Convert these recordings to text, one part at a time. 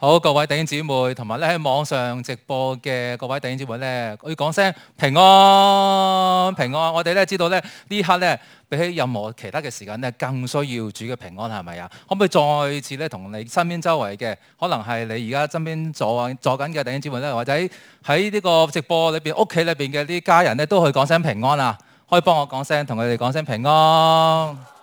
好，各位弟兄姊妹，同埋咧喺網上直播嘅各位弟兄姊妹咧，可以講聲平安，平安。我哋咧知道咧呢刻咧比起任何其他嘅時間咧，更需要主嘅平安係咪啊？可唔可以再次咧同你身邊周圍嘅，可能係你而家身邊坐坐緊嘅弟兄姊妹咧，或者喺呢個直播裏面屋企裏面嘅啲家人咧，都可以講聲平安啊！可以幫我講聲，同佢哋講聲平安。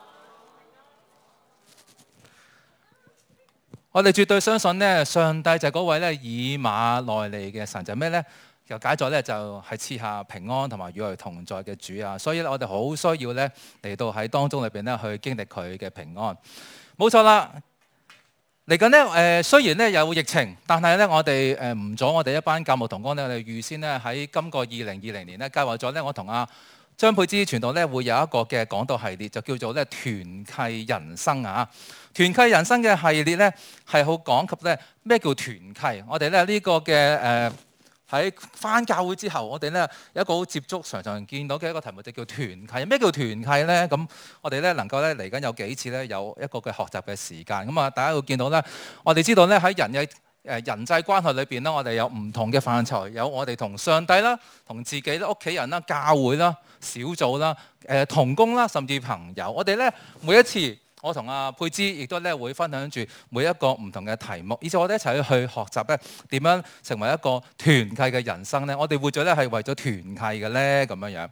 我哋絕對相信咧，上帝就係嗰位咧以馬內利嘅神，就係咩咧？又解咗咧，就係賜下平安同埋與我同在嘅主啊！所以咧，我哋好需要咧嚟到喺當中裏邊咧去經歷佢嘅平安。冇錯啦！嚟緊咧，誒、呃、雖然咧有疫情，但係咧我哋誒唔阻我哋一班教牧同工咧，我哋預先咧喺今個二零二零年咧計劃咗咧，我同阿張佩芝傳道咧會有一個嘅講道系列，就叫做咧團契人生啊！團契人生嘅系列咧，係好講及咧咩叫團契。我哋咧呢、這個嘅誒喺返教會之後，我哋咧有一個好接觸、常常見到嘅一個題目就叫團契。咩叫團契咧？咁我哋咧能夠咧嚟緊有幾次咧有一個嘅學習嘅時間。咁啊，大家會見到咧，我哋知道咧喺人嘅誒、呃、人際關係裏邊咧，我哋有唔同嘅範疇，有我哋同上帝啦、同自己啦、屋企人啦、教會啦、小組啦、呃、同工啦，甚至朋友。我哋咧每一次。我同阿佩芝亦都咧會分享住每一個唔同嘅題目，而且我哋一齊去學習咧點樣成為一個團契嘅人生咧。我哋活在咧係為咗團契嘅咧咁樣樣。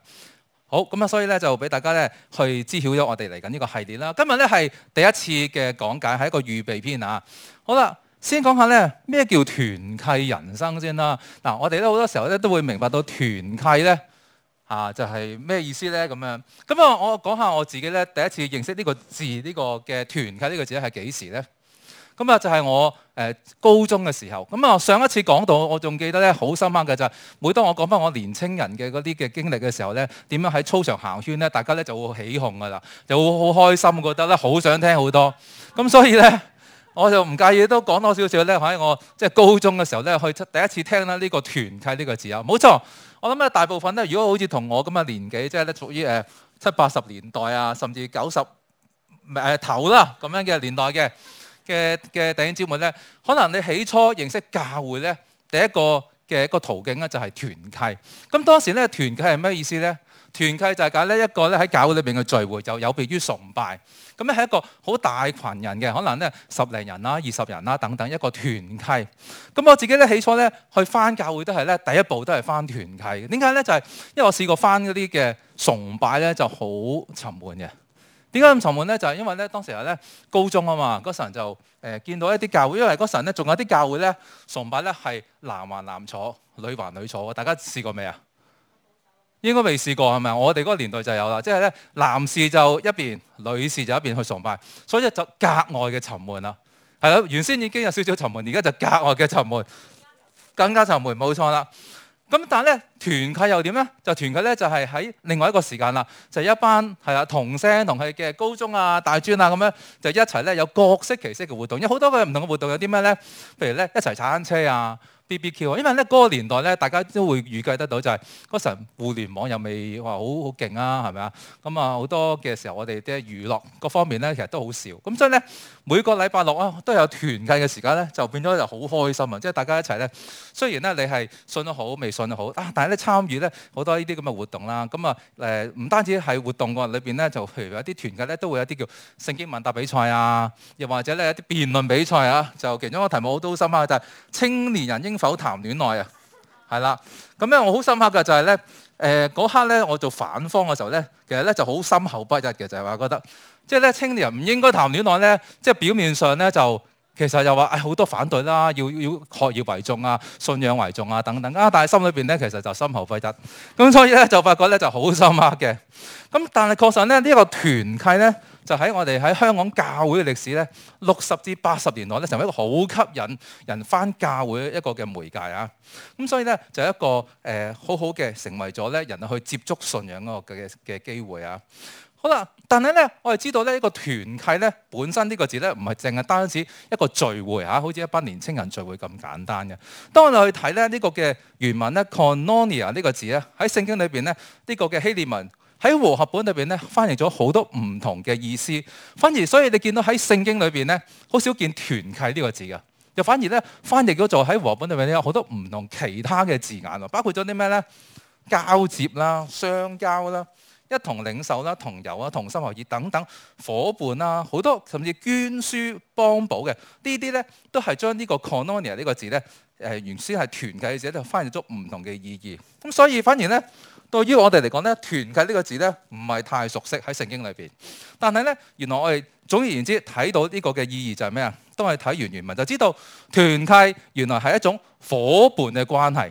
好，咁啊，所以咧就俾大家咧去知曉咗我哋嚟緊呢個系列啦。今日咧係第一次嘅講解，係一個預備篇啊。好啦，先講下咧咩叫團契人生先啦。嗱，我哋咧好多時候咧都會明白到團契咧。嚇、啊、就係、是、咩意思呢？咁樣咁啊！我講下我自己咧，第一次認識呢個字，呢、這個嘅團契呢個字係係幾時呢？咁啊，就係我、呃、高中嘅時候。咁啊，上一次講到，我仲記得咧，好深刻嘅就係，每當我講翻我年青人嘅嗰啲嘅經歷嘅時候呢，點樣喺操場行圈呢，大家咧就會起哄噶啦，就會好開心，覺得咧好想聽好多。咁所以呢，我就唔介意都講多少少咧，喺我即係、就是、高中嘅時候呢，去第一次聽呢個團契呢個字啊，冇錯。我諗咧大部分咧，如果好似同我咁嘅年紀，即係咧屬於誒七八十年代啊，甚至九十誒、啊、頭啦咁樣嘅年代嘅嘅嘅弟兄姊妹咧，可能你起初認識教會咧，第一個嘅一個途徑咧就係團契。咁當時咧團契係咩意思咧？團契就係講呢一個咧喺教會裏邊嘅聚會，就有別於崇拜，咁咧係一個好大群人嘅，可能咧十零人啦、二十人啦等等一個團契。咁我自己咧起初咧去返教會都係咧第一步都係返團契。點解咧就係因為我試過返嗰啲嘅崇拜咧就好沉悶嘅。點解咁沉悶咧？就係因為咧當時係咧高中啊嘛，嗰陣就誒、呃、見到一啲教會，因為嗰陣咧仲有啲教會咧崇拜咧係男還男坐，女還女坐。大家試過未啊？應該未試過係咪？我哋嗰個年代就有啦，即係咧男士就一邊，女士就一邊去崇拜，所以就格外嘅沉悶啦。係咯，原先已經有少少沉悶，而家就格外嘅沉悶，更加沉悶，冇錯啦。咁但係咧，團契又點咧？就團契咧，就係喺另外一個時間啦，就係一班係啊同聲同氣嘅高中啊、大專啊咁樣，就一齊咧有各式其式嘅活動。有好多嘅唔同嘅活動，有啲咩咧？譬如咧一齊踩單車啊。B B Q 因為咧嗰個年代咧，大家都會預計得到就係嗰時互聯網又未話好好勁啊，係咪啊？咁啊好多嘅時候，我哋啲娛樂各方面咧，其實都好少。咁所以咧，每個禮拜六啊都有團契嘅時間咧，就變咗就好開心啊！即係大家一齊咧，雖然咧你係信得好、未信得好啊，但係咧參與咧好多呢啲咁嘅活動啦。咁啊誒，唔單止係活動喎，裏邊咧就譬如有啲團契咧都會有啲叫聖經問答比賽啊，又或者咧一啲辯論比賽啊。就其中一個題目我都心諗就係青年人應否談戀愛啊，係啦。咁咧，我好深刻嘅就係、是、咧，嗰刻咧，我做反方嘅時候咧，其實咧就好心口不一嘅，就係話覺得即係咧，青年唔應該談戀愛咧。即、就、係、是、表面上咧，就其實又話誒好多反對啦，要要學業為重啊，信仰為重啊等等啊。但係心裏面咧，其實就心口不一咁，所以咧就發覺咧就好深刻嘅。咁但係確實咧，呢個團契咧。就喺我哋喺香港教會嘅歷史咧，六十至八十年代咧，成為一個好吸引人返教會一個嘅媒介啊！咁所以咧，就一個好好嘅，成為咗咧人去接觸信仰嗰個嘅嘅機會啊！好啦，但係咧，我哋知道咧呢個團契咧本身呢個字咧，唔係淨係單止一個聚會嚇，好似一班年青人聚會咁簡單嘅。當我哋去睇咧呢個嘅原文咧 koinonia 呢個字咧，喺聖經裏面咧呢、這個嘅希臘文。喺和合本裏邊咧，翻譯咗好多唔同嘅意思，反而所以你見到喺聖經裏邊咧，好少見團契呢個字嘅，又反而咧翻譯咗做喺和合本裏邊咧有好多唔同其他嘅字眼啊，包括咗啲咩咧？交接啦、相交啦、一同領受啦、同友啊、同心合意等等伙伴啦，好多甚至捐書幫補嘅呢啲咧，這些都係將呢個 koinonia 呢個字咧，誒原先係團契者咧，翻譯咗唔同嘅意義。咁所以反而咧。對於我哋嚟講咧，團契呢個字咧唔係太熟悉喺聖經裏面。但係咧原來我哋總而言之睇到呢個嘅意義就係咩啊？都係睇完原文就知道，團契原來係一種伙伴嘅關係。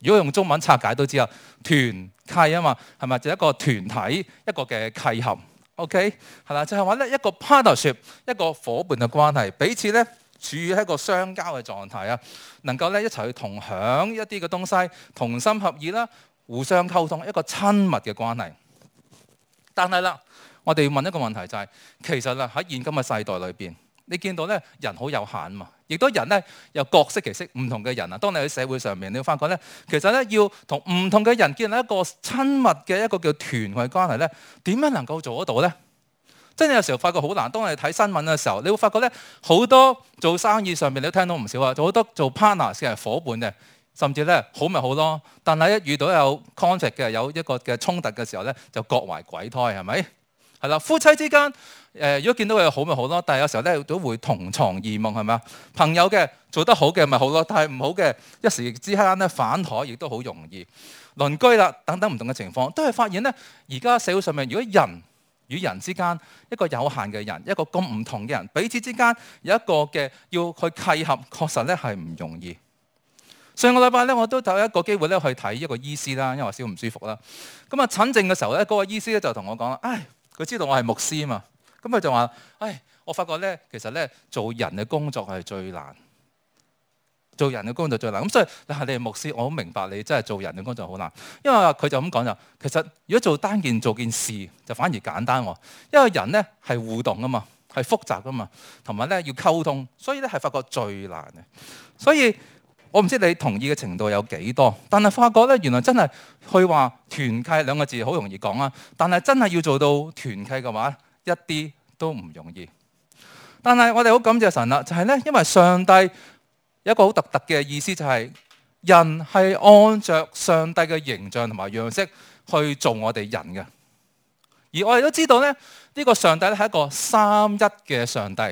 如果用中文拆解都知啊，團契啊嘛，係咪？就係一個團體，一個嘅契合，OK，係啦，就係話咧一個 partnership，一個伙伴嘅關係，彼此咧處於一個相交嘅狀態啊，能夠咧一齊去同享一啲嘅東西，同心合意啦。互相溝通，一個親密嘅關係。但係啦，我哋要問一個問題就係，其實啦喺現今嘅世代裏邊，你見到咧人好有限嘛，亦都人咧又各式其式，唔同嘅人啊。當你喺社會上面，你會發覺咧，其實咧要同唔同嘅人建立一個親密嘅一個叫團契關係咧，點樣能夠做得到咧？即係有時候發覺好難。當你睇新聞嘅時候，你會發覺咧好多做生意上面，你都聽到唔少啊，好多做 partner 嘅伙伴嘅。甚至咧好咪好咯，但係一遇到有 conflict 嘅，有一個嘅衝突嘅時候咧，就各懷鬼胎係咪？係啦，夫妻之間、呃、如果見到佢好咪好咯，但係有時候咧都會同床異夢係咪啊？朋友嘅做得好嘅咪好咯，但係唔好嘅一時之間咧反台亦都好容易。鄰居啦等等唔同嘅情況，都係發現咧，而家社會上面如果人與人之間一個有限嘅人，一個咁唔同嘅人，彼此之間有一個嘅要去契合，確實咧係唔容易。上個禮拜咧，我都有一個機會咧去睇一個醫師啦，因為我少唔舒服啦。咁啊診症嘅時候咧，嗰個醫師咧就同我講啦，唉，佢知道我係牧師啊嘛。咁佢就話，唉，我發覺咧，其實咧，做人嘅工作係最難，做人嘅工作最難。咁所以你係你係牧師，我好明白你真係做人嘅工作好難。因為佢就咁講就，其實如果做單件做件事就反而簡單喎，因為人咧係互動啊嘛，係複雜啊嘛，同埋咧要溝通，所以咧係發覺最難嘅。所以我唔知你同意嘅程度有幾多，但係發覺咧，原來真係佢話團契兩個字好容易講啊，但係真係要做到團契嘅話，一啲都唔容易。但係我哋好感謝神啦，就係咧，因為上帝有一個好獨特嘅意思，就係人係按著上帝嘅形象同埋樣式去做我哋人嘅。而我哋都知道咧，呢個上帝咧係一個三一嘅上帝，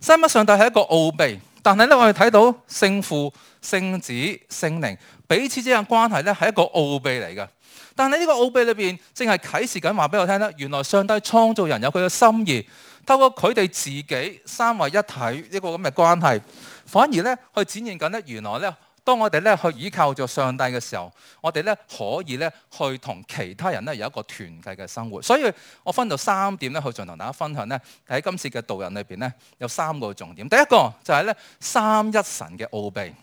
三一上帝係一個奧秘。但係咧，我哋睇到聖父、聖子、聖靈彼此之間關係咧，係一個奧秘嚟嘅。但係呢個奧秘裏面，淨係啟示緊話俾我聽咧，原來上帝創造人有佢嘅心意，透過佢哋自己三位一體一個咁嘅關係，反而咧去展現緊咧，原來咧。當我哋咧去倚靠著上帝嘅時候，我哋咧可以咧去同其他人咧有一個團契嘅生活。所以我分到三點咧去進行同大家分享咧，喺今次嘅導引裏面，咧有三個重點。第一個就係咧三一神嘅奧秘。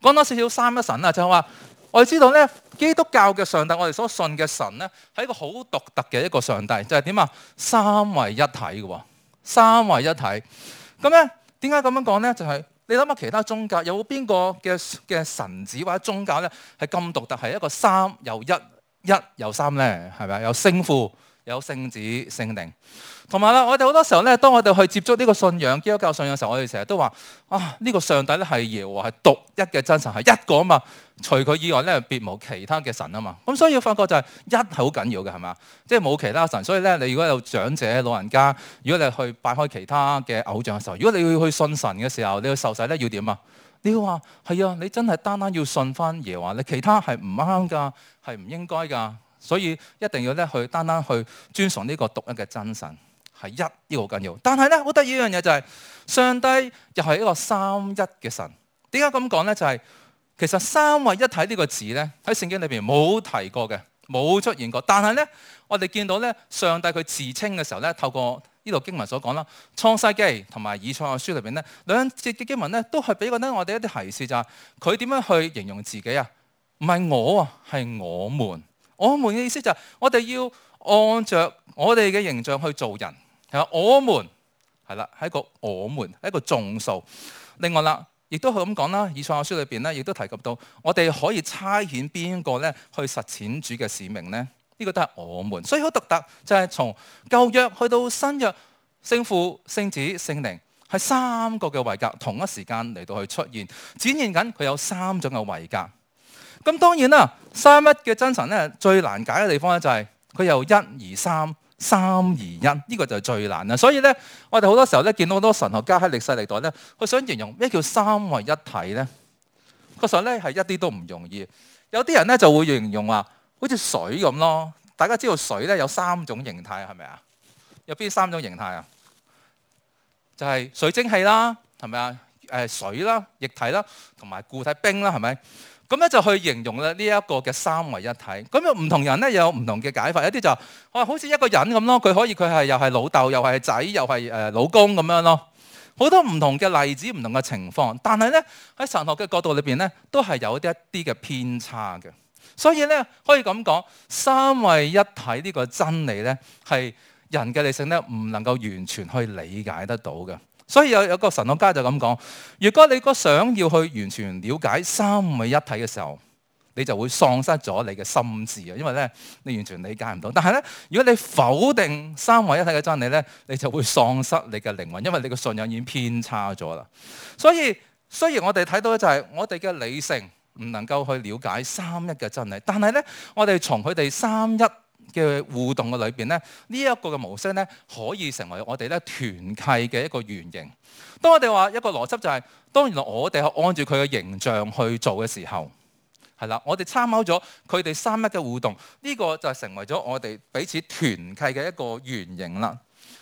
講多少少三一神啊，就係、是、話我哋知道咧基督教嘅上帝，我哋所信嘅神咧係一個好獨特嘅一個上帝，就係點啊？三位一體嘅喎，三位一體。咁咧點解咁樣講咧？就係、是你諗下其他宗教有冇邊個嘅嘅神子或者宗教咧係咁獨特，係一個三又一，一又三咧，係咪？有聖父、有聖子、聖靈。同埋啦，我哋好多時候咧，當我哋去接觸呢個信仰、基督教信仰嘅時候，我哋成日都話：啊，呢個上帝咧係耶和華，係獨一嘅真神，係一個啊嘛。除佢以外咧，別無其他嘅神啊嘛。咁所以我發覺就係一係好緊要嘅，係嘛？即係冇其他神。所以咧，你如果有長者、老人家，如果你去拜開其他嘅偶像嘅時候，如果你要去信神嘅時候，你要受洗咧要點啊？你要話係啊？你真係單單要信翻耶和華，你其他係唔啱㗎，係唔應該㗎。所以一定要咧去單單去尊崇呢個獨一嘅真神。係一呢，這個好緊要，但係咧好得意一樣嘢就係，是，上帝又係一個三一嘅神。點解咁講咧？就係，是、其實三位一體呢個字咧，喺聖經裏邊冇提過嘅，冇出現過。但係咧，我哋見到咧，上帝佢自稱嘅時候咧，透過呢度經文所講啦，創世紀同埋以賽亞書裏邊咧，兩節嘅經文咧，都係俾我哋我哋一啲提示就係，佢點樣去形容自己啊？唔係我啊，係我們。我們嘅意思就係，是，我哋要按着我哋嘅形象去做人。有我們係啦，係一個我們，係一個眾數。另外啦，亦都咁講啦，《以賽亞書》裏邊咧，亦都提及到我哋可以差遣邊個咧去實踐主嘅使命咧？呢個都係我們，所以好獨特，就係從舊約去到新約，聖父、聖子、聖靈係三個嘅位格同一時間嚟到去出現，展現緊佢有三種嘅位格。咁當然啦，三一嘅真神咧，最難解嘅地方咧就係佢由一而三。三而一呢個就係最難啦，所以咧我哋好多時候咧見到好多神學家喺歷世歷代咧，佢想形容咩叫三位一體咧，確實咧係一啲都唔容易。有啲人咧就會形容話，好似水咁咯。大家知道水咧有三種形態係咪啊？有邊三種形態啊？就係水蒸氣啦，係咪啊？誒，水啦，液體啦，同埋固體冰啦，係咪？咁咧就去形容咧呢一個嘅三位一體。咁又唔同人咧有唔同嘅解法，一啲就話，是：好似一個人咁咯，佢可以佢係又係老豆，又係仔，又係老公咁樣咯。好多唔同嘅例子，唔同嘅情況。但係咧喺神學嘅角度裏面咧，都係有一啲一啲嘅偏差嘅。所以咧可以咁講，三位一體呢個真理咧係人嘅理性咧唔能夠完全去理解得到嘅。所以有有個神學家就咁講，如果你個想要去完全了解三位一體嘅時候，你就會喪失咗你嘅心智啊，因為咧你完全理解唔到。但係咧，如果你否定三位一體嘅真理咧，你就會喪失你嘅靈魂，因為你嘅信仰已經偏差咗啦。所以雖然我哋睇到咧就係我哋嘅理性唔能夠去了解三一嘅真理，但係咧我哋從佢哋三一嘅互動嘅裏邊咧，呢一個嘅模式咧，可以成為我哋咧團契嘅一個原型。當我哋話一個邏輯就係，當然啦我哋係按照佢嘅形象去做嘅時候，係啦，我哋參考咗佢哋三一嘅互動，呢個就成為咗我哋彼此團契嘅一個原型啦。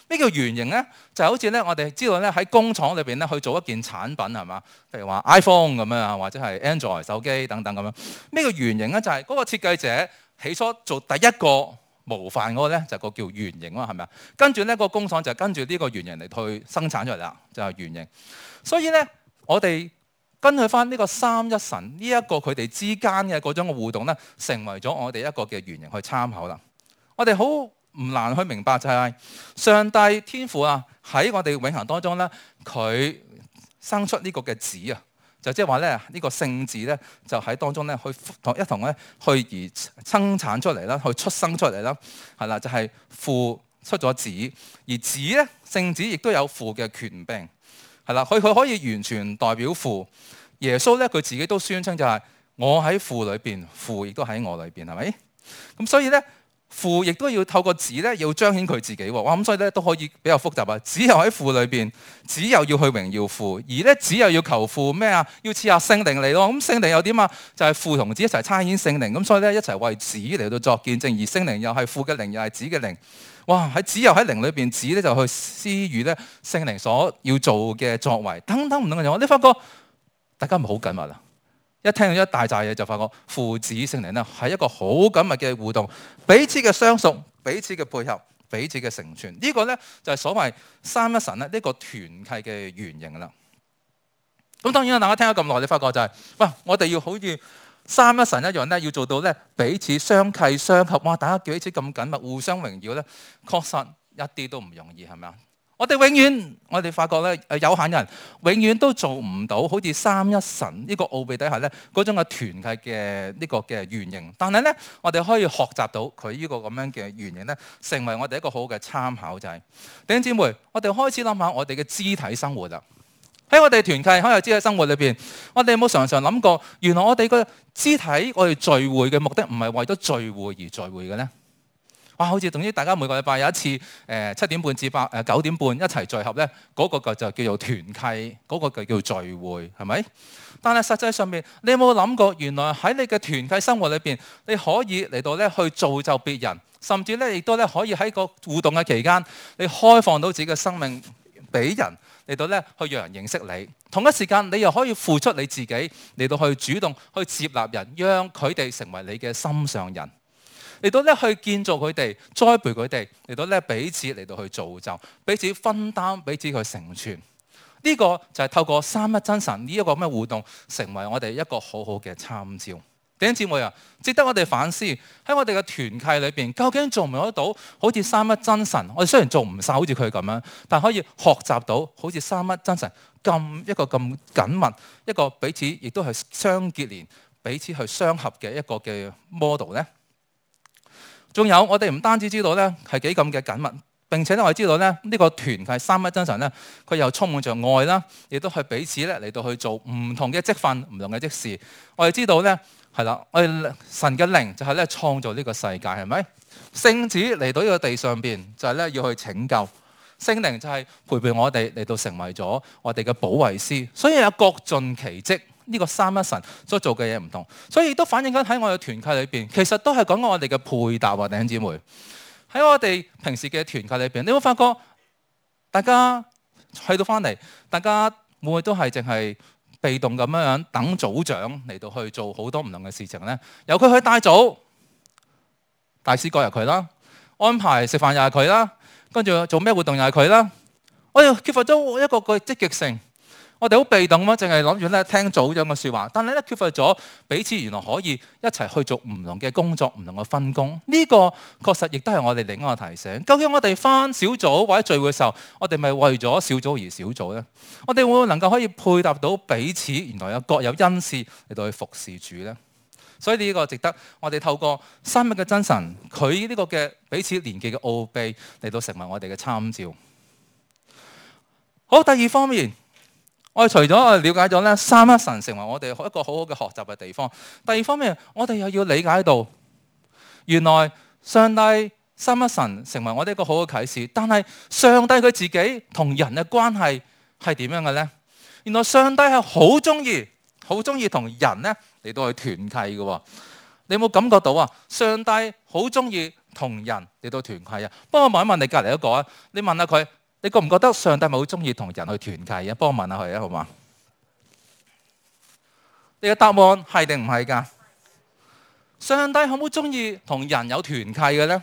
咩叫原型咧？就好似咧，我哋知道咧喺工廠裏邊咧去做一件產品係嘛？譬如話 iPhone 咁樣啊，或者係 Android 手機等等咁樣。咩叫原型咧？就係嗰個設計者起初做第一個。模範嗰個咧就個叫圓形啊，係咪啊？跟住咧個工廠就跟住呢個圓形嚟去生產出嚟啦，就係、是、圓形。所以咧，我哋跟佢翻呢個三一神呢一、這個佢哋之間嘅嗰種嘅互動咧，成為咗我哋一個嘅圓形去參考啦。我哋好唔難去明白就係上帝天父啊，喺我哋永恆當中咧，佢生出呢個嘅子啊。就即係話咧，呢、這個聖子咧，就喺當中咧，去同一同咧，去而生產出嚟啦，去出生出嚟啦，係啦，就係、是、父出咗子，而子咧，聖子亦都有父嘅權柄，係啦，佢佢可以完全代表父。耶穌咧，佢自己都宣稱就係我喺父裏面，「父亦都喺我裏面」，係咪？咁所以咧。父亦都要透過子咧，要彰顯佢自己喎。哇！咁所以咧都可以比較複雜啊。子又喺父裏面，子又要去榮耀父，而咧子又要求父咩啊？要賜下聖靈嚟咯。咁、嗯、聖靈又點啊？就係、是、父同子一齊參演聖靈，咁所以咧一齊為子嚟到作見證。而聖靈又係父嘅靈，又係子嘅靈。哇！喺子又喺靈裏面，子咧就去施予咧聖靈所要做嘅作為，等等唔等，等，嘅你發覺大家唔好緊密啊！一聽到一大扎嘢，就發覺父子聖靈咧係一個好緊密嘅互動彼的，彼此嘅相屬、彼此嘅配合、彼此嘅成全，呢個呢，就係所謂三一神咧呢個團契嘅原型啦。咁當然啦，大家聽咗咁耐，你發覺就係、是，哇！我哋要好似三一神一樣呢，要做到呢彼此相契相合，哇！大家叫彼此咁緊密，互相榮耀呢，確實一啲都唔容易，係咪啊？我哋永遠，我哋發覺咧，有限人永遠都做唔到，好似三一神呢個奧秘底下咧嗰種嘅團契嘅呢個嘅原型。但係咧，我哋可以學習到佢呢個咁樣嘅原型咧，成為我哋一個好嘅參考。就係弟兄姊妹，我哋開始諗下我哋嘅肢體生活啦。喺我哋團契、喺我哋肢體生活裏面，我哋有冇常常諗過？原來我哋個肢體，我哋聚會嘅目的唔係為咗聚會而聚會嘅咧。好似等於大家每個禮拜有一次，七點半至八九點半一齊聚合呢嗰、嗰個就就叫做團契，嗰、嗰個就叫聚會，係咪？但係實際上面，你有冇諗過？原來喺你嘅團契生活裏面，你可以嚟到呢去造就別人，甚至呢亦都呢可以喺個互動嘅期間，你開放到自己嘅生命俾人嚟到呢去讓人認識你。同一時間，你又可以付出你自己嚟到去主動去接納人，讓佢哋成為你嘅心上人。嚟到咧，去建造佢哋，栽培佢哋，嚟到咧彼此嚟到去造就，彼此分擔，彼此去成全。呢、這個就係透過三一真神呢一個咩互動，成為我哋一個好好嘅參照。弟兄姊妹啊，值得我哋反思喺我哋嘅團契裏邊究竟做唔做得到好似三一真神？我哋雖然做唔晒好似佢咁樣，但可以學習到好似三一真神咁一個咁緊密，一個彼此亦都係相結連彼此去相合嘅一個嘅 model 呢。仲有，我哋唔單止知道咧係幾咁嘅緊密，並且咧我哋知道咧呢個團契三一精神咧，佢又充滿着愛啦，亦都係彼此咧嚟到去做唔同嘅職分、唔同嘅職事。我哋知道咧係啦，我哋神嘅靈就係咧創造呢個世界，係咪聖子嚟到呢個地上邊就係咧要去拯救。聖靈，聖靈就係陪伴我哋嚟到成為咗我哋嘅保惠師，所以有各盡其職。呢個三一神所做嘅嘢唔同，所以也都反映緊喺我嘅團契裏邊，其實都係講緊我哋嘅配搭啊，弟兄姊妹。喺我哋平時嘅團契裏邊，你會發覺大家去到翻嚟，大家會唔會都係淨係被動咁樣樣等組長嚟到去做好多唔同嘅事情咧？由佢去帶組，大司機入佢啦，安排食飯又係佢啦，跟住做咩活動又係佢啦。哎呀，缺乏咗一個個積極性。我哋好被動咯，淨係諗住咧聽組長嘅說話，但係咧缺乏咗彼此原來可以一齊去做唔同嘅工作、唔同嘅分工。呢、這個確實亦都係我哋另一個提醒。究竟我哋返小組或者聚會嘅時候，我哋咪為咗小組而小組呢？我哋會唔會能夠可以配搭到彼此原來有各有恩賜嚟到去服侍主呢？所以呢個值得我哋透過三一嘅真神，佢呢個嘅彼此連結嘅奧秘嚟到成為我哋嘅參照。好，第二方面。我哋除咗我哋了解咗咧，三一神成為我哋一個好好嘅學習嘅地方。第二方面，我哋又要理解到，原來上帝三一神成為我哋一個好好嘅啟示。但係上帝佢自己同人嘅關係係點樣嘅咧？原來上帝係好中意、好中意同人咧嚟到去團契嘅。你有冇感覺到啊？上帝好中意同人嚟到團契啊！不過我問一問你隔離一個啊，你問下佢。你覺唔覺得上帝咪好中意同人去團契嘅？幫我問下佢啊，好嘛？你嘅答案係定唔係噶？上帝好冇中意同人有團契嘅咧？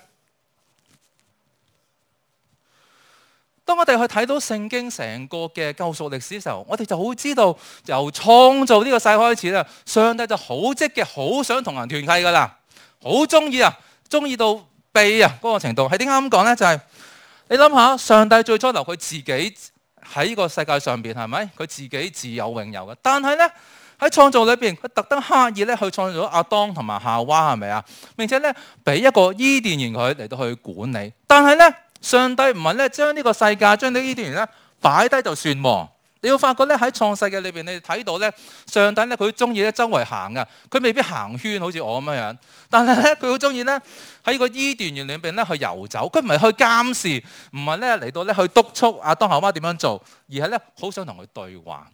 當我哋去睇到聖經成個嘅救贖歷史嘅時候，我哋就好知道由創造呢個世代開始咧，上帝就好積極、好想同人團契噶啦，好中意啊，中意到痹啊嗰個程度。係點解咁講咧？就係、是。你諗下，上帝最初留佢自己喺呢個世界上面，係咪佢自己自有永有嘅？但係呢，喺創造裏面，佢特登刻意咧去創造咗亞當同埋夏娃，係咪啊？並且呢，俾一個伊甸園佢嚟到去管理。但係呢，上帝唔係呢將呢個世界將呢個伊甸園呢擺低就算喎。你要發覺咧喺創世記裏邊，你睇到咧，上帝咧佢中意咧周圍行噶佢未必行圈，好似我咁樣樣。但係咧，佢好中意咧喺個伊甸園裏邊咧去遊走。佢唔係去監視，唔係咧嚟到咧去督促阿當夏娃點樣做，而係咧好想同佢對話。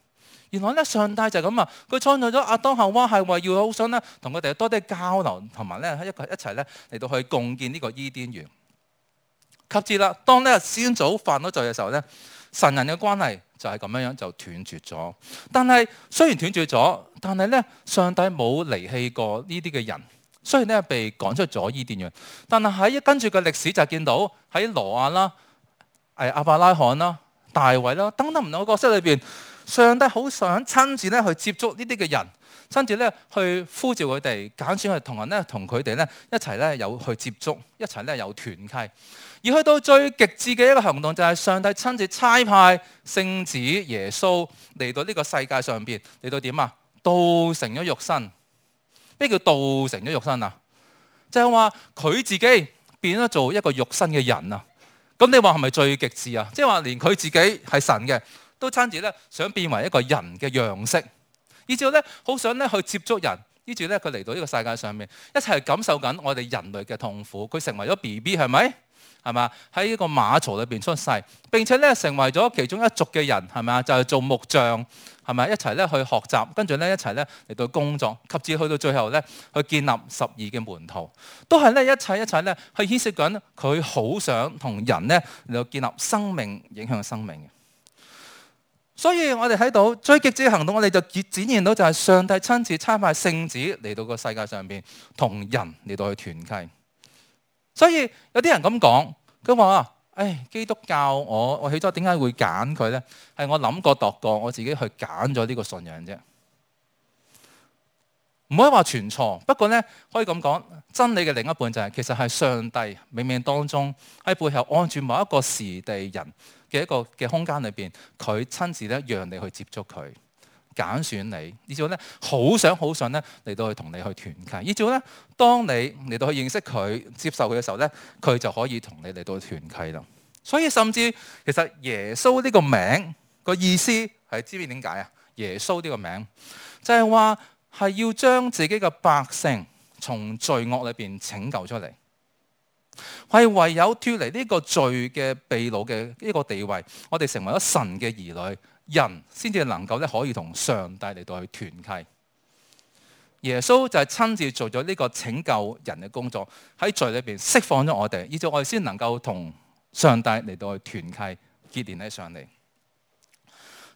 原來咧上帝就係咁啊，佢創造咗阿當夏娃係話要好想咧同佢哋多啲交流，同埋咧喺一個一齊咧嚟到去共建呢個伊甸園。及至啦，當咧先祖犯咗罪嘅時候咧。神人嘅關係就係咁樣樣就斷絕咗，但係雖然斷絕咗，但係咧上帝冇離棄過呢啲嘅人，雖然咧被趕出咗伊甸園，但係喺跟住嘅歷史就見到喺挪亞啦、誒亞伯拉罕啦、大衛啦等等唔同嘅角色裏邊，上帝好想親自咧去接觸呢啲嘅人。跟住咧去呼召佢哋揀選佢同人咧，同佢哋咧一齊咧有去接觸，一齊咧有團契。而去到最極致嘅一個行動，就係上帝親自差派聖子耶穌嚟到呢個世界上邊，嚟到點啊？道成咗肉身。咩叫道成咗肉身啊？就係話佢自己變咗做一個肉身嘅人啊！咁你話係咪最極致啊？即係話連佢自己係神嘅，都親自咧想變為一個人嘅樣式。依照咧，好想咧去接觸人。依住咧，佢嚟到呢個世界上面，一齊感受緊我哋人類嘅痛苦。佢成為咗 BB 係咪？係嘛？喺呢個馬槽裏面出世，並且咧成為咗其中一族嘅人係咪啊？就係、是、做木匠係咪？一齊咧去學習，跟住咧一齊咧嚟到工作，及至去到最後咧去建立十二嘅門徒，都係咧一齊一齊咧去牽涉緊佢好想同人咧嚟到建立生命影響生命嘅。所以我哋喺度追擊之行動，我哋就展展現到就係上帝親自差派聖子嚟到個世界上邊同人嚟到去團契。所以有啲人咁講，佢話：，誒、哎，基督教我我起初點解會揀佢呢？係我諗過度過，我自己去揀咗呢個信仰啫。唔可以話全錯，不過呢，可以咁講，真理嘅另一半就係、是、其實係上帝冥冥當中喺背後按住某一個時地人嘅一個嘅空間裏邊，佢親自咧讓你去接觸佢揀選你，依種咧好想好想咧嚟到去同你去團契，依種咧當你嚟到去認識佢接受佢嘅時候咧，佢就可以同你嚟到團契啦。所以甚至其實耶穌呢個名個意思係知唔知點解啊？耶穌呢個名就係話係要將自己嘅百姓從罪惡裏邊拯救出嚟。係唯有脫離呢個罪嘅秘魯嘅呢個地位，我哋成為咗神嘅兒女，人先至能夠咧可以同上帝嚟到去團契。耶穌就係親自做咗呢個拯救人嘅工作，喺罪裏邊釋放咗我哋，以致我哋先能夠同上帝嚟到去團契結連起上嚟。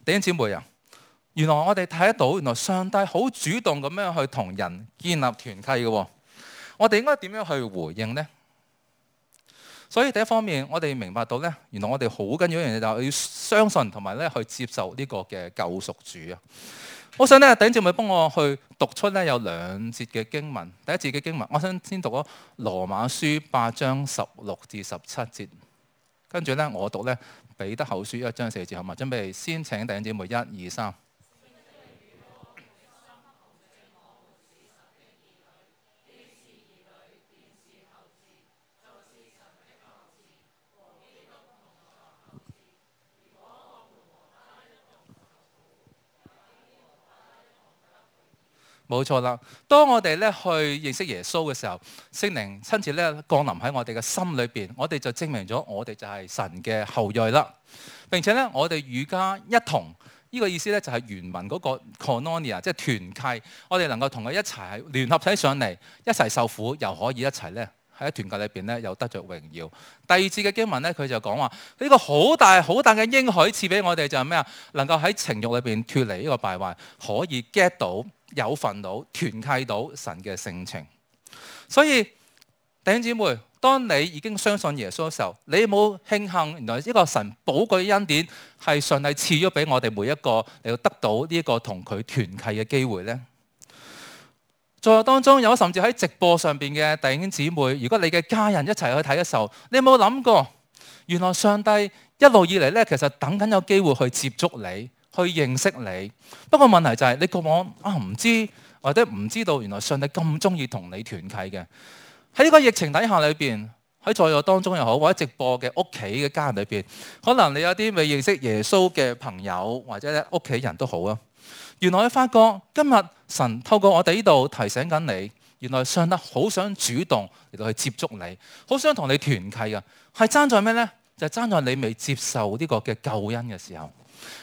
弟兄姊妹啊，原來我哋睇得到，原來上帝好主動咁樣去同人建立團契嘅。我哋應該點樣去回應呢？所以第一方面，我哋明白到呢，原來我哋好緊要一樣嘢，就係要相信同埋呢去接受呢個嘅救贖主啊。我想呢，頂姐妹幫我去讀出呢有兩節嘅經文。第一節嘅經文，我想先讀咗《羅馬書》八章十六至十七節，跟住呢，我讀呢《彼得後書》一章四節，好嘛？準備先請頂姐妹，一二三。冇錯啦，當我哋咧去認識耶穌嘅時候，聖靈親切咧降臨喺我哋嘅心裏邊，我哋就證明咗我哋就係神嘅後裔啦。並且咧，我哋與家一同，呢、這個意思咧就係原文嗰個 koinonia，即係團契。我哋能夠同佢一齊喺聯合起上嚟，一齊受苦，又可以一齊咧喺團契裏邊咧又得着榮耀。第二節嘅經文咧，佢就講話呢個好大好大嘅應許賜俾我哋，就係咩啊？能夠喺情慾裏邊脫離呢個敗壞，可以 get 到。有份到團契到神嘅性情，所以弟兄姊妹，當你已經相信耶穌嘅時候，你有冇慶幸？原來呢個神寶貴恩典係上帝賜咗俾我哋每一個嚟到得到呢個同佢團契嘅機會呢？在當中有甚至喺直播上邊嘅弟兄姊妹，如果你嘅家人一齊去睇嘅時候，你有冇諗過？原來上帝一路以嚟呢，其實等緊有機會去接觸你。去認識你。不過問題就係你過往啊，唔知或者唔知道，原來上帝咁中意同你團契嘅。喺呢個疫情底下裏邊，喺在座當中又好，或者直播嘅屋企嘅家人裏邊，可能你有啲未認識耶穌嘅朋友，或者屋企人都好啊。原來你發覺今日神透過我哋呢度提醒緊你，原來上帝好想主動嚟到去接觸你，好想同你團契嘅。係爭在咩呢？就係爭在你未接受呢個嘅救恩嘅時候。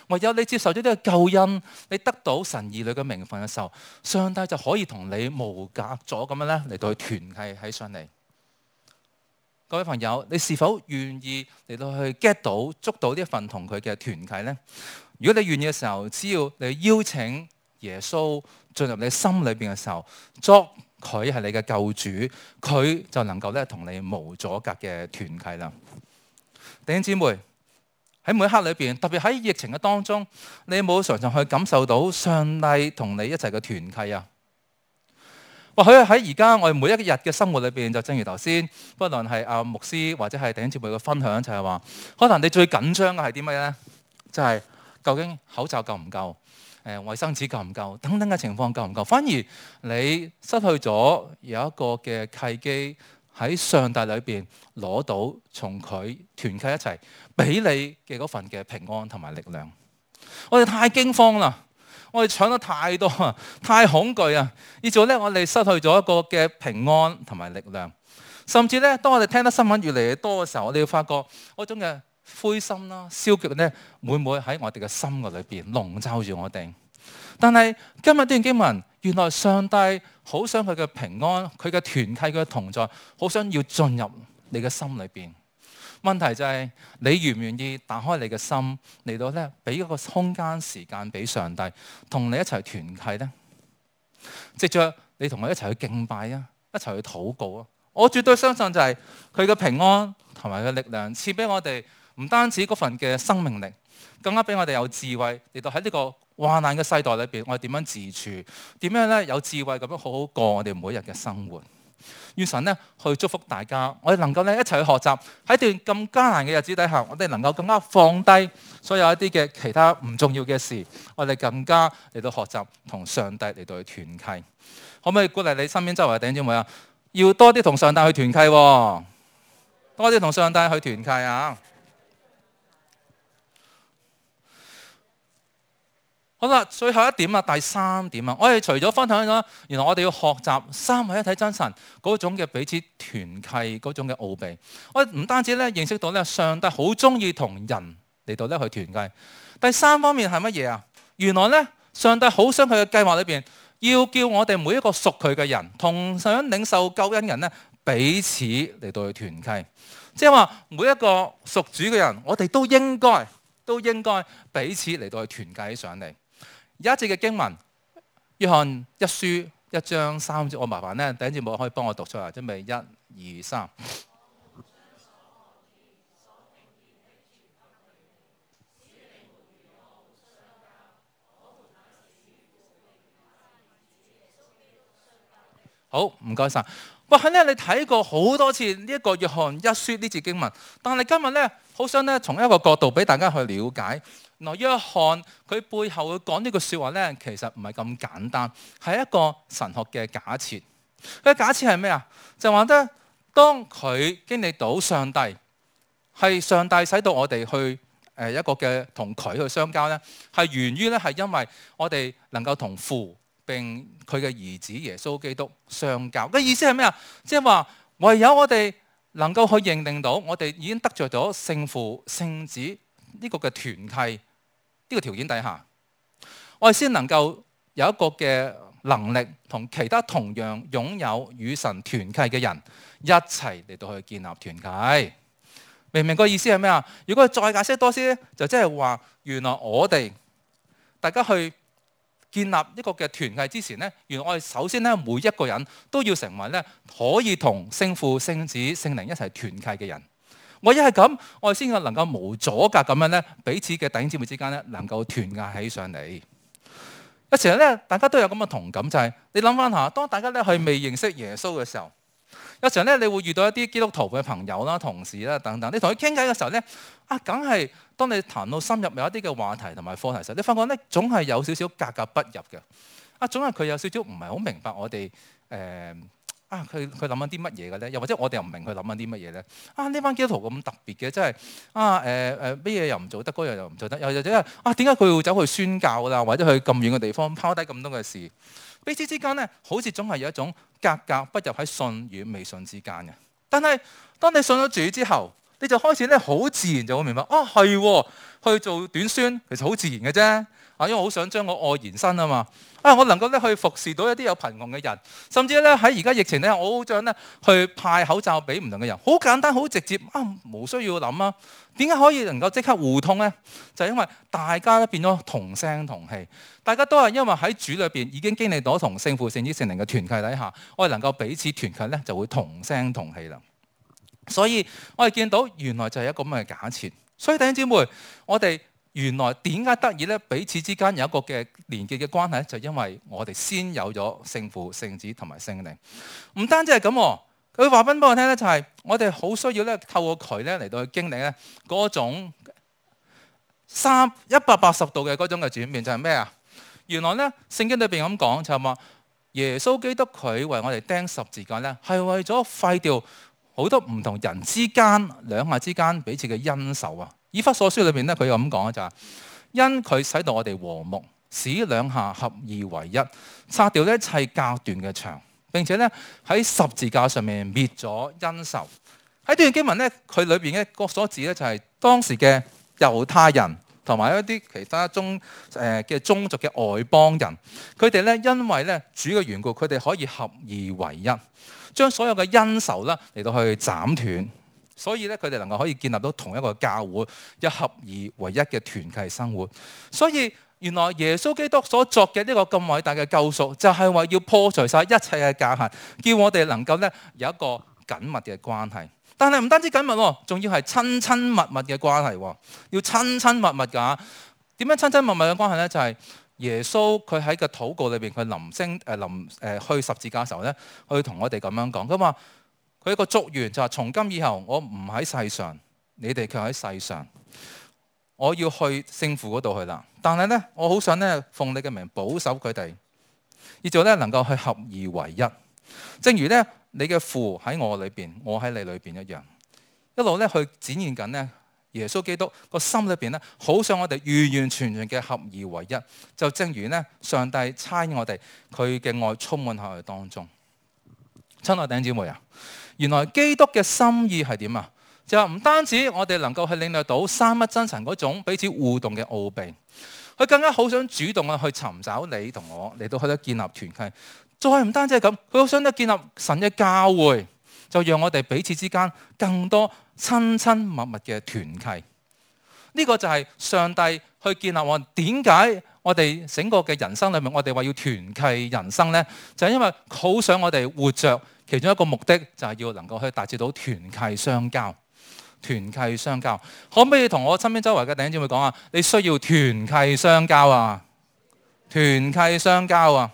唯有你接受咗呢個救恩，你得到神兒女嘅名分嘅時候，上帝就可以同你無隔阻咁樣咧嚟到去團契喺上嚟。各位朋友，你是否願意嚟到去 get 到捉到呢一份同佢嘅團契呢？如果你願意嘅時候，只要你邀請耶穌進入你心裏邊嘅時候，捉佢係你嘅救主，佢就能夠咧同你無阻隔嘅團契啦。弟兄姊妹。喺每一刻裏邊，特別喺疫情嘅當中，你有冇常常去感受到上帝同你一齊嘅團契啊？或許喺而家我哋每一日嘅生活裏邊，就正如頭先，不論係阿牧師或者係弟兄姊妹嘅分享，就係、是、話，可能你最緊張嘅係啲乜嘢呢？就係、是、究竟口罩夠唔夠？誒、呃，衛生紙夠唔夠？等等嘅情況夠唔夠？反而你失去咗有一個嘅契機。喺上帝裏邊攞到從佢團契一齊俾你嘅嗰份嘅平安同埋力量。我哋太驚慌啦，我哋搶得太多啊，太恐懼啊，以致咧我哋失去咗一個嘅平安同埋力量。甚至咧，當我哋聽得新聞越嚟越多嘅時候，我哋會發覺嗰種嘅灰心啦、消極咧，會唔會喺我哋嘅心嘅裏邊籠罩住我哋？但係今日段經文。原來上帝好想佢嘅平安，佢嘅團契，佢嘅同在，好想要進入你嘅心裏邊。問題就係你願唔願意打開你嘅心嚟到咧，俾一個空間、時間俾上帝同你一齊團契呢？接着你同我一齊去敬拜啊，一齊去禱告啊！我絕對相信就係佢嘅平安同埋佢嘅力量賜俾我哋，唔單止嗰份嘅生命力，更加俾我哋有智慧嚟到喺呢個。患難嘅世代裏邊，我哋點樣自處？點樣咧有智慧咁樣好好過我哋每日嘅生活？願神咧去祝福大家，我哋能夠咧一齊去學習喺段咁艱難嘅日子底下，我哋能夠更加放低所有一啲嘅其他唔重要嘅事，我哋更加嚟到學習同上帝嚟到去團契。可唔可以鼓勵你身邊周圍嘅弟兄姊妹啊？要多啲同上帝去團契，多啲同上帝去團契啊！好啦，最後一點啊，第三點啊，我哋除咗分享咗，原來我哋要學習三位一體真神嗰種嘅彼此團契嗰種嘅奧秘。我唔單止咧認識到咧上帝好鍾意同人嚟到咧去團契。第三方面係乜嘢啊？原來咧上帝好想佢嘅計劃裏面要叫我哋每一個屬佢嘅人同想領受救恩人咧彼此嚟到去團契。即係話每一個屬主嘅人，我哋都應該都應該彼此嚟到去團契上嚟。有一節嘅經文，約翰一書一章三節，我麻煩咧，第一節目可以幫我讀出嚟，準備一、二、三。好，唔該晒。哇！喺咧，你睇過好多次呢一個約翰一書呢節經文，但係今日咧，好想咧從一個角度俾大家去了解。嗱，約翰佢背後佢講呢句說話咧，其實唔係咁簡單，係一個神學嘅假設。佢假設係咩啊？就話咧，當佢經歷到上帝係上帝使到我哋去誒一個嘅同佢去相交咧，係源於咧係因為我哋能夠同父並佢嘅兒子耶穌基督相交。嘅意思係咩啊？即係話，唯有我哋能夠去認定到我哋已經得罪咗聖父聖子呢個嘅團契，呢個條件底下，我哋先能夠有一個嘅能力，同其他同樣擁有與神團契嘅人一齊嚟到去建立團契。明唔明個意思係咩啊？如果再解釋多啲咧，就即係話，原來我哋大家去建立一個嘅團契之前咧，原來我哋首先咧，每一個人都要成為咧可以同聖父、聖子、聖靈一齊團契嘅人。我一係咁，我哋先能夠無阻隔咁樣咧，彼此嘅弟兄姊妹之間咧，能夠團契起上嚟。有時呢，咧，大家都有咁嘅同感，就係、是、你諗翻下，當大家咧去未認識耶穌嘅時候，有時候咧，你會遇到一啲基督徒嘅朋友啦、同事啦等等，你同佢傾偈嘅時候咧，啊，梗係當你談到深入有一啲嘅話題同埋課題時候，你發覺咧，總係有少少格格不入嘅。啊，總係佢有少少唔係好明白我哋啊！佢佢諗緊啲乜嘢嘅咧？又或者我哋又唔明佢諗緊啲乜嘢咧？啊！呢班基督徒咁特別嘅，真係啊！誒誒，咩嘢又唔做得，嗰樣又唔做得，又或者啊？點解佢要走去宣教啦？或者去咁遠嘅地方，拋低咁多嘅事？彼此之間咧，好似總係有一種格格不入喺信與未信之間嘅。但係當你信咗主之後，你就開始咧好自然就會明白，啊係，去做短宣其實好自然嘅啫。啊！因為好想將我愛延伸啊嘛，啊我能夠咧去服侍到一啲有貧窮嘅人，甚至咧喺而家疫情底下，我好想咧去派口罩俾唔同嘅人。好簡單，好直接啊，無需要諗啊。點解可以能夠即刻互通呢？就係因為大家都變咗同聲同氣，大家都係因為喺主裏邊已經經歷到同聖父聖子聖靈嘅團契底下，我哋能夠彼此團契呢就會同聲同氣啦。所以我哋見到原來就係一個咁嘅假設。所以弟兄姊妹，我哋。原來點解得以咧？彼此之間有一個嘅連結嘅關係咧，就因為我哋先有咗聖父、聖子同埋聖靈。唔單止係咁喎，佢話翻俾我聽咧，就係我哋好需要咧，透過佢咧嚟到去經歷咧嗰種三一百八十度嘅嗰種嘅轉變，就係咩啊？原來咧聖經裏邊咁講就係話，耶穌基督佢為我哋釘十字架咧，係為咗廢掉好多唔同人之間、兩下之間彼此嘅恩仇啊！以弗所書裏面咧，佢有咁講啊，就係、是、因佢使到我哋和睦，使兩下合二為一，拆掉一切隔斷嘅牆。並且咧喺十字架上面滅咗恩仇。喺段經文咧，佢裏邊嘅所指咧就係當時嘅猶太人同埋一啲其他宗嘅宗族嘅外邦人。佢哋咧因為咧主嘅緣故，佢哋可以合二為一，將所有嘅恩仇呢嚟到去斬斷。所以咧，佢哋能夠可以建立到同一個教會一合二為一嘅團契生活。所以原來耶穌基督所作嘅呢個咁偉大嘅救贖，就係話要破除晒一切嘅界限，叫我哋能夠咧有一個緊密嘅關係。但係唔單止緊密，仲要係親親密密嘅關係喎。要親親密密㗎嚇。點樣親親密密嘅關係呢？就係耶穌佢喺個禱告裏邊，佢臨升誒臨誒去十字架嘅時候咧，佢同我哋咁樣講，㗎嘛。佢一個祝願就係從今以後我唔喺世上，你哋卻喺世上。我要去聖父嗰度去啦。但係呢，我好想咧奉你嘅名保守佢哋，要做咧能夠去合二為一。正如呢，你嘅父喺我裏邊，我喺你裏邊一樣，一路呢去展現緊呢耶穌基督個心裏邊呢，好想我哋完完全全嘅合二為一。就正如呢，上帝差我哋，佢嘅愛充滿下我當中。親愛頂姊妹啊！原來基督嘅心意係點啊？就話唔單止我哋能夠去領略到三一真神嗰種彼此互動嘅奧秘，佢更加好想主動啊去尋找你同我嚟到去咧建立團契。再唔單止係咁，佢好想咧建立神嘅教會，就讓我哋彼此之間更多親親密密嘅團契。呢個就係上帝去建立我。點解我哋整個嘅人生裏面，我哋話要團契人生呢？就係因為好想我哋活着，其中一個目的就係要能夠去達至到團契相交，團契相交，可唔可以同我身邊周圍嘅弟兄姐妹講啊？你需要團契相交啊，團契相交啊！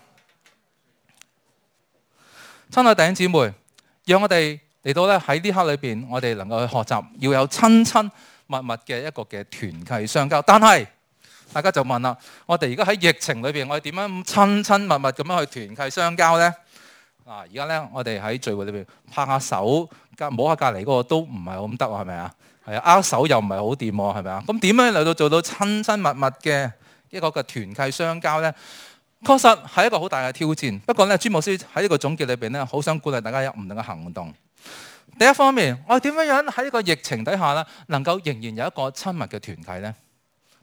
親愛弟兄姊妹，讓我哋嚟到咧喺呢刻裏面，我哋能夠去學習要有親親密密嘅一個嘅團契相交。但係大家就問啦，我哋而家喺疫情裏面，我哋點樣親親密密咁樣去團契相交呢？嗱，而家咧，我哋喺聚會裏邊拍下手，隔摸下隔離嗰個都唔係好得喎，係咪啊？係握手又唔係好掂喎，係咪啊？咁點樣嚟到做到親親密密嘅一個嘅團契相交呢？確實係一個好大嘅挑戰。不過呢，朱牧師喺呢個總結裏邊呢，好想鼓勵大家有唔同嘅行動。第一方面，我哋點樣樣喺呢個疫情底下呢，能夠仍然有一個親密嘅團契呢？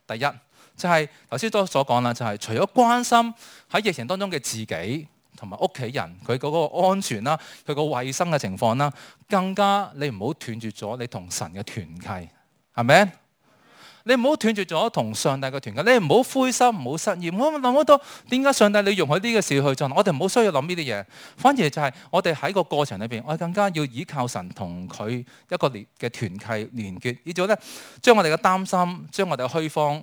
第一就係頭先都所講啦，就係、是就是、除咗關心喺疫情當中嘅自己。同埋屋企人佢嗰個安全啦，佢個衛生嘅情況啦，更加你唔好斷絕咗你同神嘅團契，係咪？你唔好斷絕咗同上帝嘅團契，你唔好灰心，唔好失意。我諗好多點解上帝你容許呢個事去做。我哋唔好需要諗呢啲嘢，反而就係我哋喺個過程裏面，我哋更加要依靠神同佢一個嘅團契連結，以至咧將我哋嘅擔心、將我哋嘅虛荒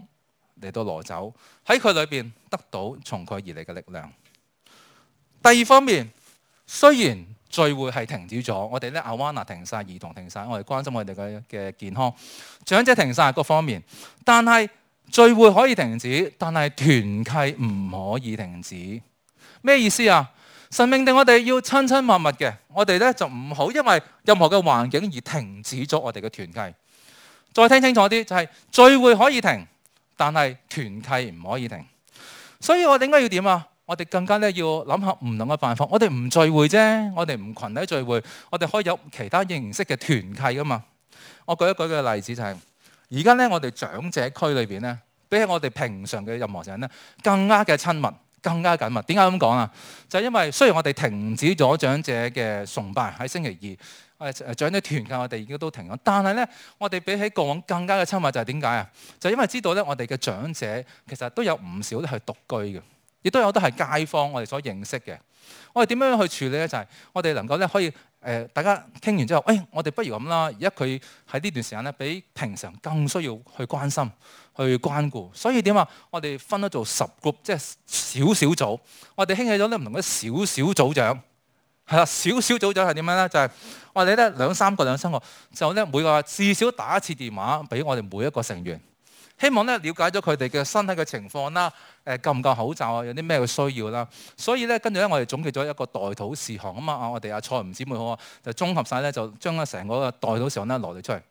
嚟到攞走，喺佢裏邊得到從佢而嚟嘅力量。第二方面，雖然聚會係停止咗，我哋咧阿彎娜停曬，兒童停曬，我哋關心我哋嘅嘅健康，長者停曬各方面，但係聚會可以停止，但係團契唔可以停止。咩意思啊？神命定我哋要親親密密嘅，我哋咧就唔好因為任何嘅環境而停止咗我哋嘅團契。再聽清楚啲，就係聚會可以停，但係團契唔可以停。所以我哋應該要點啊？我哋更加咧要諗下唔同嘅辦法。我哋唔聚會啫，我哋唔群體聚會，我哋可以有其他形式嘅團契噶嘛？我舉一舉嘅例子就係，而家咧我哋長者區裏邊咧，比起我哋平常嘅任何人咧，更加嘅親密，更加緊密。點解咁講啊？就係因為雖然我哋停止咗長者嘅崇拜喺星期二，長者團契我哋已經都停咗，但係咧，我哋比起過往更加嘅親密就係點解啊？就因為知道咧，我哋嘅長者其實都有唔少係獨居嘅。亦都有得係街坊我哋所認識嘅，我哋點樣去處理咧？就係、是、我哋能夠咧可以、呃、大家傾完之後，誒、哎、我哋不如咁啦。而家佢喺呢段時間咧，比平常更需要去關心、去關顧。所以點啊？我哋分咗做十 group，即係小小組。我哋興起咗呢，唔同嘅小小組長，係啦，小小組長係點樣咧？就係、是、我哋咧兩三個兩三個，就咧每個至少打一次電話俾我哋每一個成員。希望咧了解咗佢哋嘅身體嘅情況啦。誒，夠唔夠口罩啊，有啲咩嘅需要啦，所以咧跟住咧我哋總結咗一個代禱事項啊嘛，啊我哋阿蔡吳姐妹好，就綜合晒咧就將咧成個代禱事項咧羅列出嚟，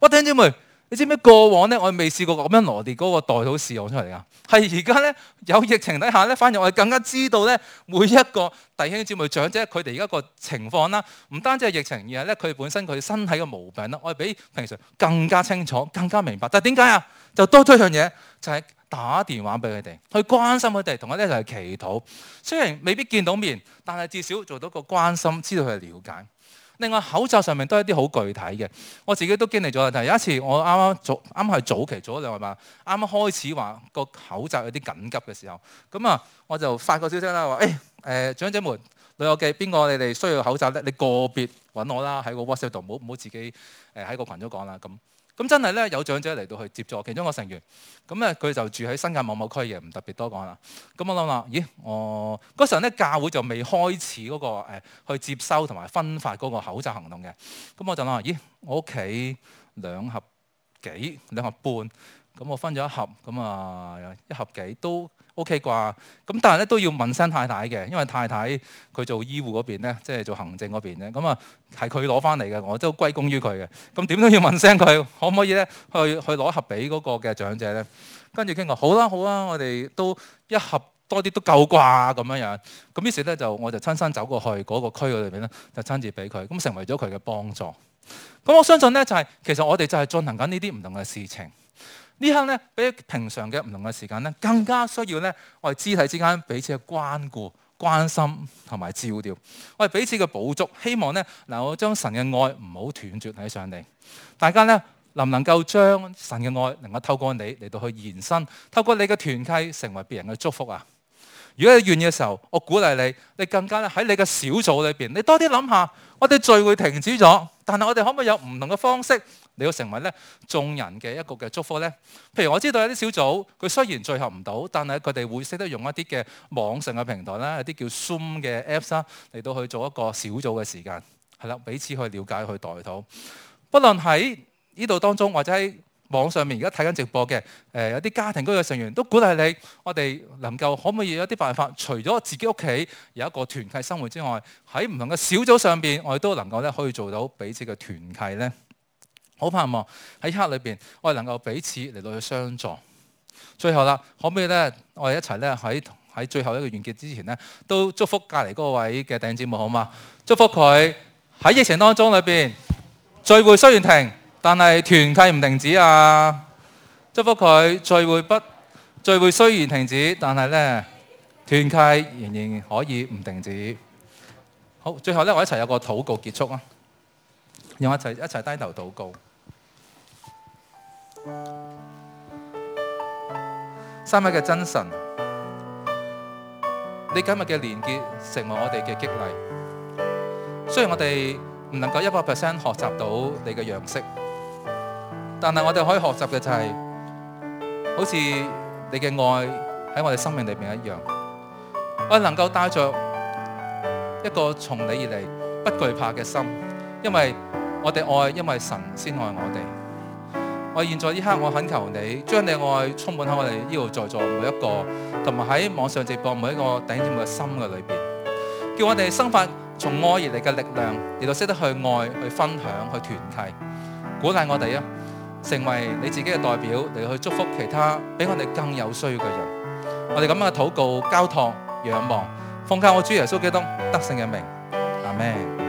喂，聽姐妹。你知唔知過往咧，我未試過咁樣攞啲嗰個代禱事用出嚟噶。係而家咧有疫情底下咧，反而我係更加知道咧每一個弟兄姊妹長者佢哋而家個情況啦。唔單止係疫情，而係咧佢本身佢身體嘅毛病啦，我係比平常更加清楚、更加明白。但係點解啊？就多咗一樣嘢，就係、是、打電話俾佢哋，去關心佢哋，同佢哋一齊就係祈禱。雖然未必見到面，但係至少做到個關心，知道佢哋了解。另外，口罩上面都係一啲好具體嘅，我自己都經歷咗。但係有一次我啱啱早啱啱早期做咗兩日嘛，啱啱開始話個口罩有啲緊急嘅時候，咁啊我就發個消息啦，話誒誒長者們，女友記邊個你哋需要口罩咧？你個別揾我啦，喺個 WhatsApp 度，唔好唔好自己誒喺個群組講啦咁。咁真係咧，有長者嚟到去接助，其中一個成員，咁咧佢就住喺新界某某區嘅，唔特別多講啦。咁我諗啦，咦，我嗰時候咧教會就未開始嗰個誒去接收同埋分發嗰個口罩行動嘅。咁我就諗，咦，我屋企兩盒幾，兩盒半，咁我分咗一盒，咁啊一盒幾都。OK 啩？咁但係咧都要問聲太太嘅，因為太太佢做醫護嗰邊咧，即係做行政嗰邊咧，咁啊係佢攞翻嚟嘅，我都歸功於佢嘅。咁點都要問聲佢，可唔可以咧去去攞盒俾嗰個嘅長者咧？跟住傾話，好啦好啦，我哋都一盒多啲都夠啩咁樣樣。咁於是咧就我就親身走過去嗰個區嗰裏邊咧，就親自俾佢，咁成為咗佢嘅幫助。咁我相信咧就係、是、其實我哋就係進行緊呢啲唔同嘅事情。呢刻咧，比起平常嘅唔同嘅時間咧，更加需要咧，我哋肢體之間彼此嘅關顧、關心同埋照料，我哋彼此嘅補足，希望咧嗱，我將神嘅愛唔好斷絕喺上嚟。大家咧，能唔能夠將神嘅愛能夠透過你嚟到去延伸，透過你嘅團契成為別人嘅祝福啊？如果你願意嘅時候，我鼓勵你，你更加咧喺你嘅小組裏邊，你多啲諗下，我哋聚會停止咗，但係我哋可唔可以有唔同嘅方式，你要成為咧眾人嘅一個嘅祝福呢？譬如我知道有啲小組，佢雖然聚合唔到，但係佢哋會識得用一啲嘅網上嘅平台啦，有啲叫 Zoom 嘅 Apps 啦，嚟到去做一個小組嘅時間，係啦，彼此去了解去代禱。不論喺呢度當中或者喺網上面而家睇緊直播嘅，誒有啲家庭嘅成員都鼓勵你，我哋能夠可唔可以有啲辦法？除咗自己屋企有一個團契生活之外，喺唔同嘅小組上邊，我哋都能夠咧可以做到彼此嘅團契呢？好盼望喺一刻裏邊我哋能夠彼此嚟到去相助。最後啦，可唔可以呢？我哋一齊呢，喺喺最後一個完結之前呢，都祝福隔離嗰位嘅定節目好嘛？祝福佢喺疫情當中裏邊聚會雖然停。但係團契唔停止啊！祝福佢聚會不聚會雖然停止，但係咧團契仍然可以唔停止。好，最後咧我一齊有個禱告結束啊，讓我一齊一齊低頭禱告。三位嘅真神，你今日嘅連結成為我哋嘅激勵。雖然我哋唔能夠一百 percent 學習到你嘅樣式。但係我哋可以學習嘅就係、是，好似你嘅愛喺我哋生命裏面一樣，我能夠帶著一個從你而嚟不懼怕嘅心，因為我哋愛，因為神先愛我哋。我現在呢刻，我懇求你將你嘅愛充滿喺我哋呢度在座每一個，同埋喺網上直播每一個弟兄嘅心嘅裏邊，叫我哋生發從愛而嚟嘅力量，而到識得去愛、去分享、去團契，鼓勵我哋啊！成為你自己嘅代表嚟去祝福其他比我哋更有需要嘅人。我哋咁嘅禱告、交託、仰望，奉靠我主耶穌基督得勝嘅名，阿門。